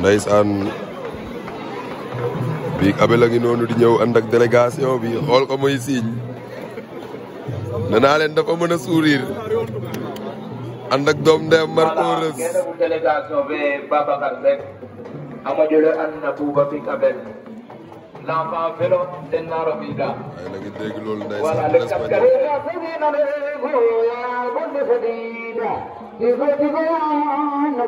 ndeysaan bi Abel a ngi noonu di ñëw ànd ak délégation bi xool ko muy siiñ ne naa leen dafa mën a sourire ànd ak doom ndeem Marco Reus nafa you ten naro mira wala le kapkare na le goya bunde fadida na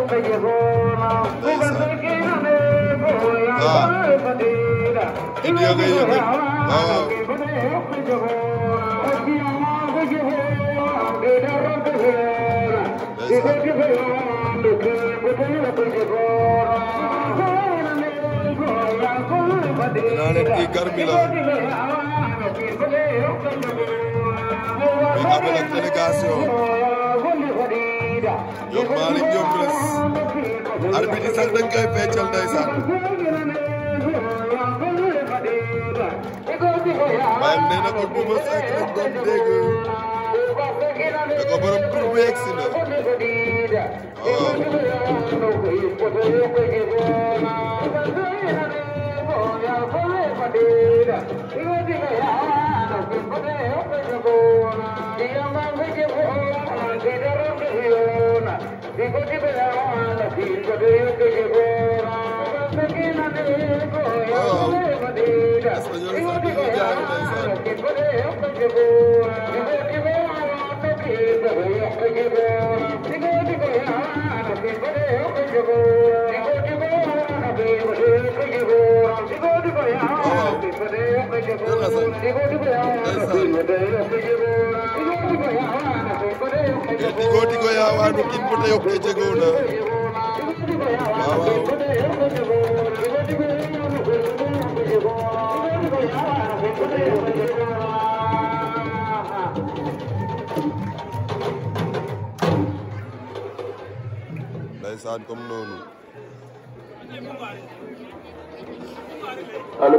goya na goya na हाँ India के ये दिन हाँ इन्होंने की गर्मी लगा बिना बिलकते निकासी हो ñoom Malick ñoom Blaise arbitre yi sax dañ koy feccal ndeysaan waaye nee na ko duuma sax lañ doon dégg da ko borom tur bi yegg si na waaw. de yeah. digo digo ya wanu kin bota yok ke jegona waaw waaw ndeysaan comme noonu allo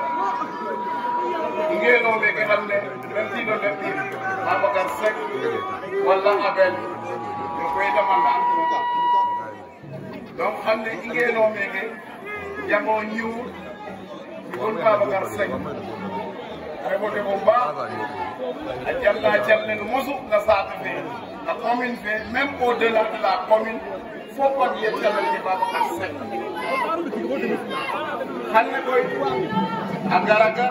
ngeenooɓe ɓe hannde ɓertiiɗo leɗɗi abacar sek walla abel yo koydamanga antuta donc hannde ngeenooɓe ɓe jango ñiw gon abacar sek remote ko mba a jalla jalle no mosu no saata fee la commune fee même au delà de la commune fof on yettanaje babacar sek hannde koy a garaga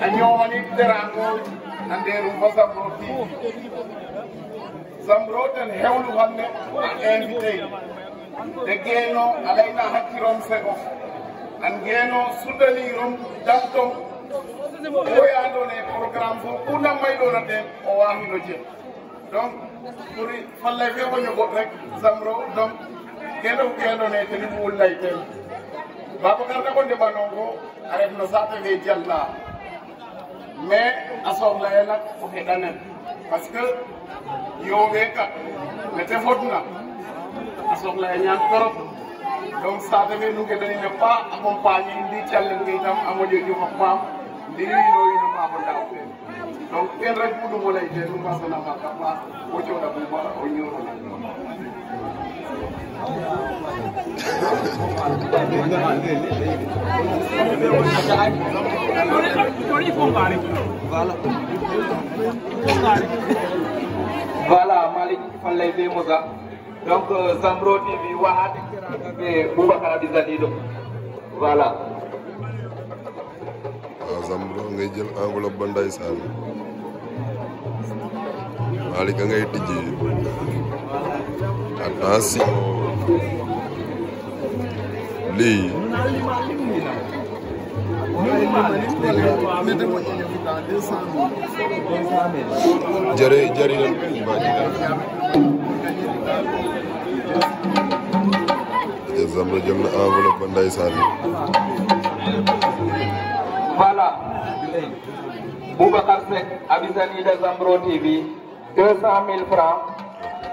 and you want it there and gold and there was a protein. Some road and hell one everything. The Geno, Alaina Hakirom Sego, and Geno Sudani Rum Dantom. Oya ando ne program fo kuna may do na den o wahi no je donc pour falle fe ko nyogo rek zamro donc kendo kendo ne tani bu wulay tel baba karta ko de banongo aref no sate ve jalla mais asoog layel nak o xeɗanen parce que yooɓee kat mete fodna a soog laye ñaan trop donc saate fe nu ngeɗanine pas accompagné ndi calel ke itam a moƴo jofa paam ndi yinoyino maamo ndaaw teen donc ten rek buɗumo lay teen nu mbasanama ka paax o cooɗa buba o ñoorona Thank you. voilà Malik Fallay be Moussa donc euh, Zambro TV wahade kiraka be Boubacar Adi Zanido voilà waaw Zambro ngay jël enveloppe ba ndeysaan Malick a ngay tijji attention lii jërë jërëjëf Zambro jël na enveloppe ba ndeysaan voilà Boubacar Seck abisani de Zambro TV deux cent mille francs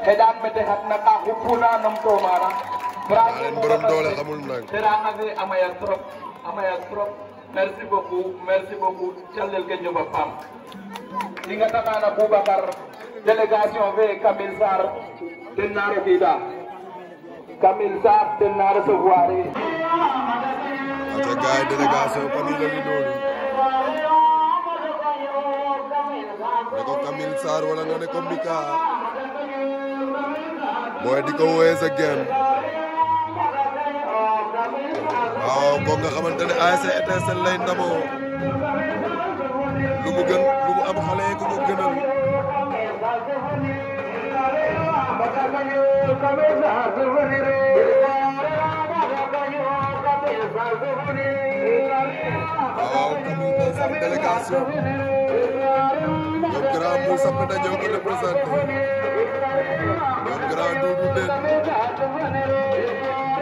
heɗan mete hatnaka huppuna nom to mana borom doole xamul nag teranga fe a maya trop a maya trop Merci beaucoup, merci beaucoup. Tchalel Genjoba Pam. Lingatamana Boubakar, délégation V. Kamil Sar, Denaro Kida. Kamil Sar, Denaro Sowari. Acha gaay délégation ko ni legi dolu. Ne Kamil Sar wala nga ne ko Mika. di ko woyé boo nga xamante ne ASC Étincelle lay ndamoo lu mu gën lu mu am xale ku mu gënal waaw kami na sax délégation ñoom grand Moussa Penda ñoo ko représenté ñoom grand Doudou Den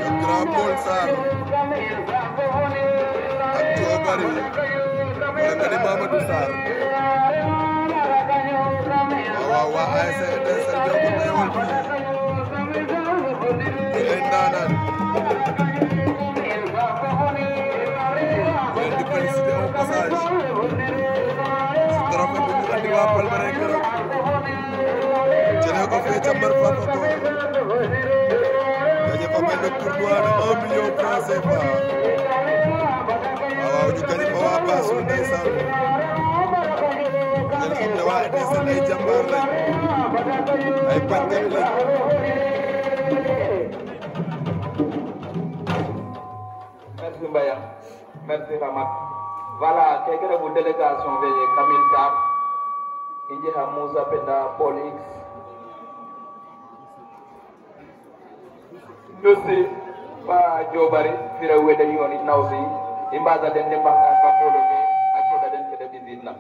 ñoom grand Paul Sarr Dagana Mamadou Sarr waaw waaw waa ASC DSL Diogo Baol di leen daanaan di leen di félicité au passage si trophée bu ñu andi waa Palmarin keroog jëlee ko fee ca Mbar Fatou Ndao daje fa benn tournoi de 1 million franc CFA gandi ba waa Basse ba ndeysaan ngeen xam ne waa ndeysaan ay jàmbaar lañ ay bànkat lañ merci Mbaye merci Ramat voilà quelqu'un de vos délégations veuillez Camille Sarr India Moussa Penda Paul X Jussi ba Diobari fira wede yooni nawsi i mbaasa den de partage fa mbooloo mi ak cooda den ke de visite na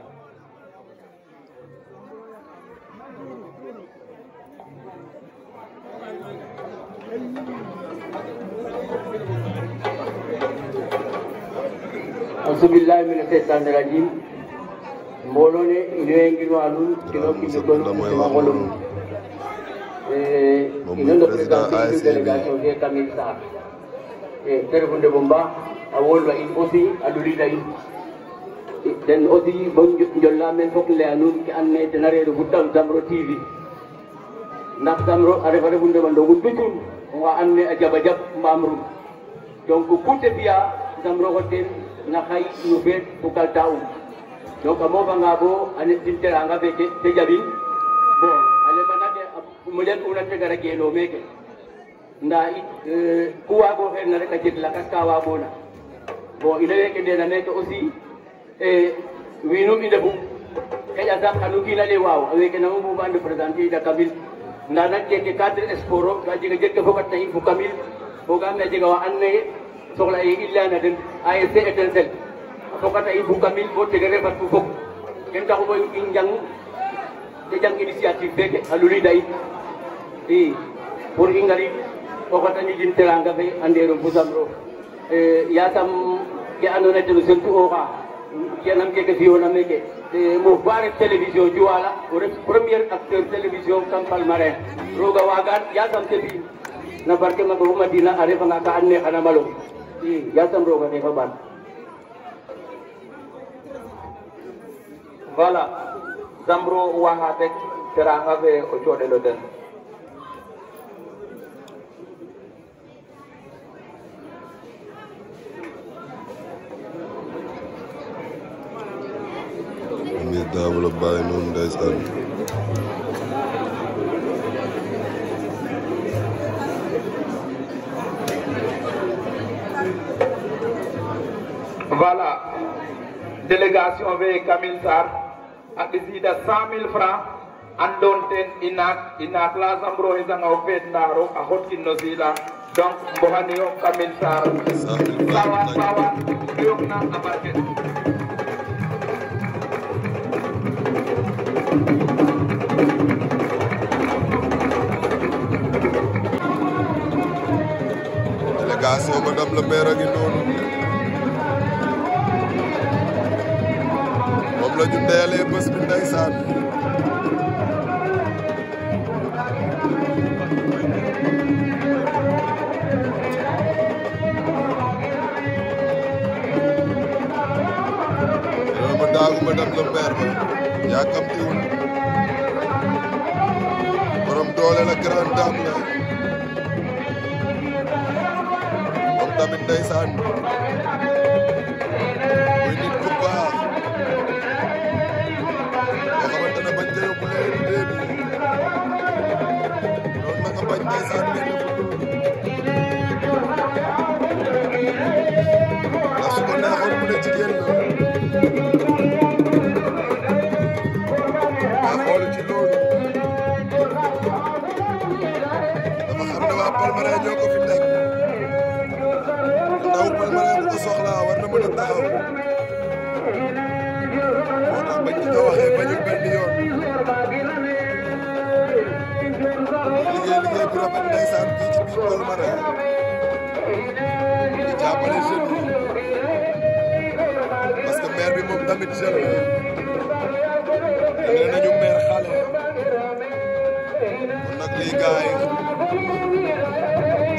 asubillahi mina seytane rajim mbooloo ne inoye nginwa nuun kino kiñikonu sima ngolum ino no président délégation fe Kamil Sarr e feere bomba ndemo mba a wolwa in aussi a ɗolida in ɗen aussi bon jolla men fof leya nuun ke anne ten areɗo guttal tv nak damro a refa refu ndema ndogun dutun oxa anne a jaɓa jaɓ mbamrum donc kute fiya damro xo ten na xay no feet fo kalta um donc a mofanga bo a neɗtin teranga feke te jaɓin bon nda e, kuwa go xena rek a jeg lakas ka wagona ina weke na neke aussi winum i ndefum xeƴa sax xanu kiina le waaw a weke namo buga représenter ida kamil nda nak keke cadre sport o ka jega jeg ke fogatna in kamil fogaam ne a jega wa and naye ye i leyana den ASC etensel a fogata in fo kamil bo e e tege refat fo fog ten taxu bo i njang te jang initiative feke a lulida pour kokotani din teranga fe anderum pusamro yatam ke andona tenu sentu oxa kenam keke fiyona meke moof ba ref télévision juwala o ref premier acteur télévision kam palmarin roga wagan yasam te fi na barke maga fo madina a refanga ka an nexana malo i yasam roga nefa ɓaan voilà Zamro waxa tek teranga fe o coɗelo den Dávila bàyyi noonu ndeysaan Voilà, délégation we Kamil Sarr a ɓisiida cent mille francs andon ten i naak i naak la sambroxisanga o feet ndaa roog a xotkin no siila donc mboxani yo Kamil Sarr sawan bawan yook na a délégation madame le maire a ngi noonu moom la ñu deelee bés bi ndeysaan doomu daagu madame le maire ba yaakamtiwul borom doole la grand dame la moom tamit ndeysaan Palmarin ñoo ko fi teg ndaw Palmarin bu ko soxlaa war na mën a taxaw moo tax bañ ñu waxee bañu benn yoon liggéey liggéey bu rafet ndeysaan fii ci biir Palmarin di jàppale jeune yi parce que maire bi moom tamit jeune la nee nañu maire xale kon nag lii gars yi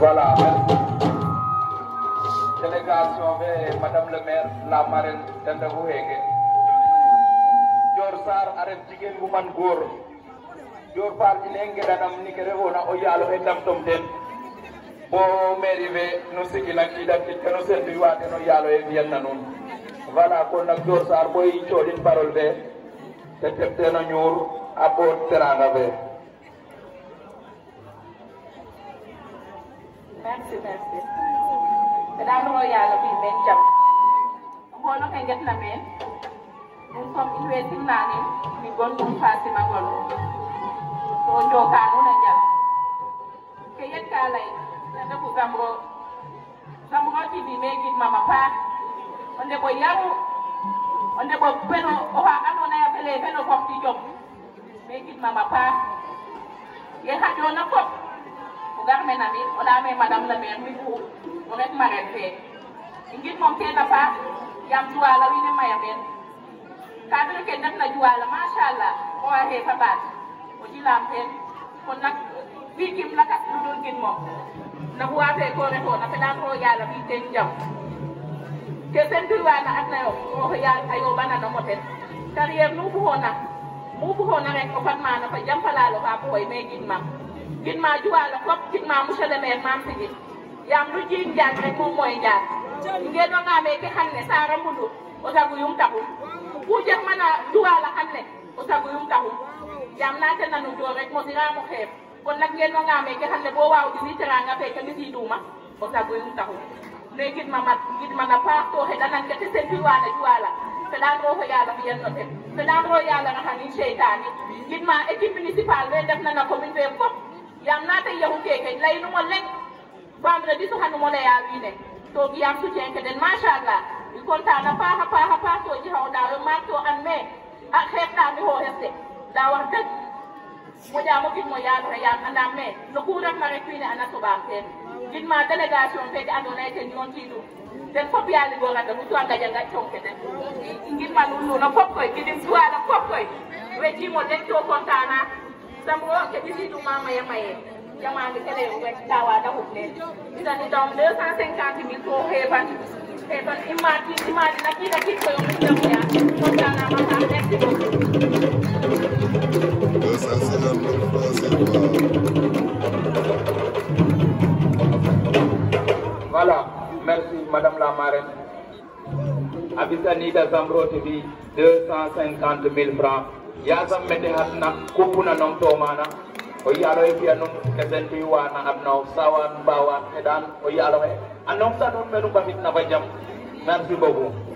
Voilà, merci. Délégation ve Madame le maire la marraine Dandagu Hege. Dior Sarr aref jigéen bu man góor. Dior Sarr ine ngeɗanam ni ke refoona o yaalo he ndamtom ten bo mairie fe no sigilankiidan tit ke no serviwa ten o yaalo he fi'an na nuun voilà kon nak Dior Sarr boy cooɗin parole fe te teb teen o ñuur a boot teranga fe Merci, merci. Kadang ko ya labi men jam. Ang hono kay get na men. Ang som iwe ting na ni mi gon kung pa si magon. So jo ka no na jam. Kayet ka lay. Nanda ko gamro. Sam ho ti di me git mama pa. Onde ko yaru. Onde ko peno o ha ano na ya pele peno kom ti jom. Me git mama pa. Ye ha jo na kop dar mes amis, on a même Madame la maire, Mibou, on est marraine fait. Il dit mon pied n'a pas, il y a un toit là, il est maïamen. Cadre que n'a pas joué là, machallah, on a fait pabat. On dit la peine, on a victime la casse nous donne qu'il mort. N'a pas fait qu'on est on a fait d'un royal, la vie d'un jam. Que c'est un toit là, on a royal, ayo banana motel. Carrière nous pour on a. Mu buhona rek ko fatmana fa jampalalo fa boy me gin mam กินมาจุ้ยแล้วก็กินมาไม่ใช่เลเมมามสิยามรู้จริงยามไม่โมโหยามยังเงี้ยน้องอาเมย์ที่ขันเนี่ยสารมุดโอซากุยุ่งตะหุ่นผู้เจ้ามันอะจุ้ยล้วันเนี่ยโอซากุยุ่งตะหุ่นยามน่าจะนั่นจุ้ยเร็กโมซิรามโขเบคนนักเงี้ยน้องอาเมย์ที่ขันเนี่ยบัวว่าอยู่นี่จางอาเฟย์จะมีสีดูมั้ยโอซากุยุ่งตะหุ่นเนี่ยกินมาหมดกินมาหน้าพักตัวให้ด้านนั้นก็จะเซ็นที่วานจุ้ยและวเป็นด้านโรยาละมีอนหนึเงเป็นด้านโรยาละนะคะนี่เชยตานี่ยินมาเอจิมินิสิพาลเวนเดฟนันนาคอมินเฟมฟ์ yam nata yahuke kay laynumo lek vendredi so hande mola ya wine to giyam soutien ke den machallah mi contana paaxa paaxa paaxtoji haw ɗawe maak to an me a xeexɗami ho hefte nda wax deg moƴamo gidmo yaagoxe yaam andam me no ku refma rek wiine ana soɓaam teen gidma délégation feke ando naye ten yontiɗum ten fop yaa ligoranda nu tuwa ngajanga congke den gidma nun nuno fop koy gidim duwana fop koy wetimo den to contana จำว่าแค่พี่ๆดูมาใหม่ๆยังมาไม่แค่เดียวเลยดาวาจะหุบเลยที่จะนิจอมเนื้อกสร้างเส้นการที่มีโคเฮปันเฮปันอิมาจินอิมาจินักกีฬาที่เคยมีเงินเนี่ยต้องกานำมาทำแน่ที่ส250 000 francs. yasam mede hatna kupuna nong to mana o yi alo fi anum kesen tu wa na o sawan bawa edan o yi alo e anom sa non menu bamit na bajam merci beaucoup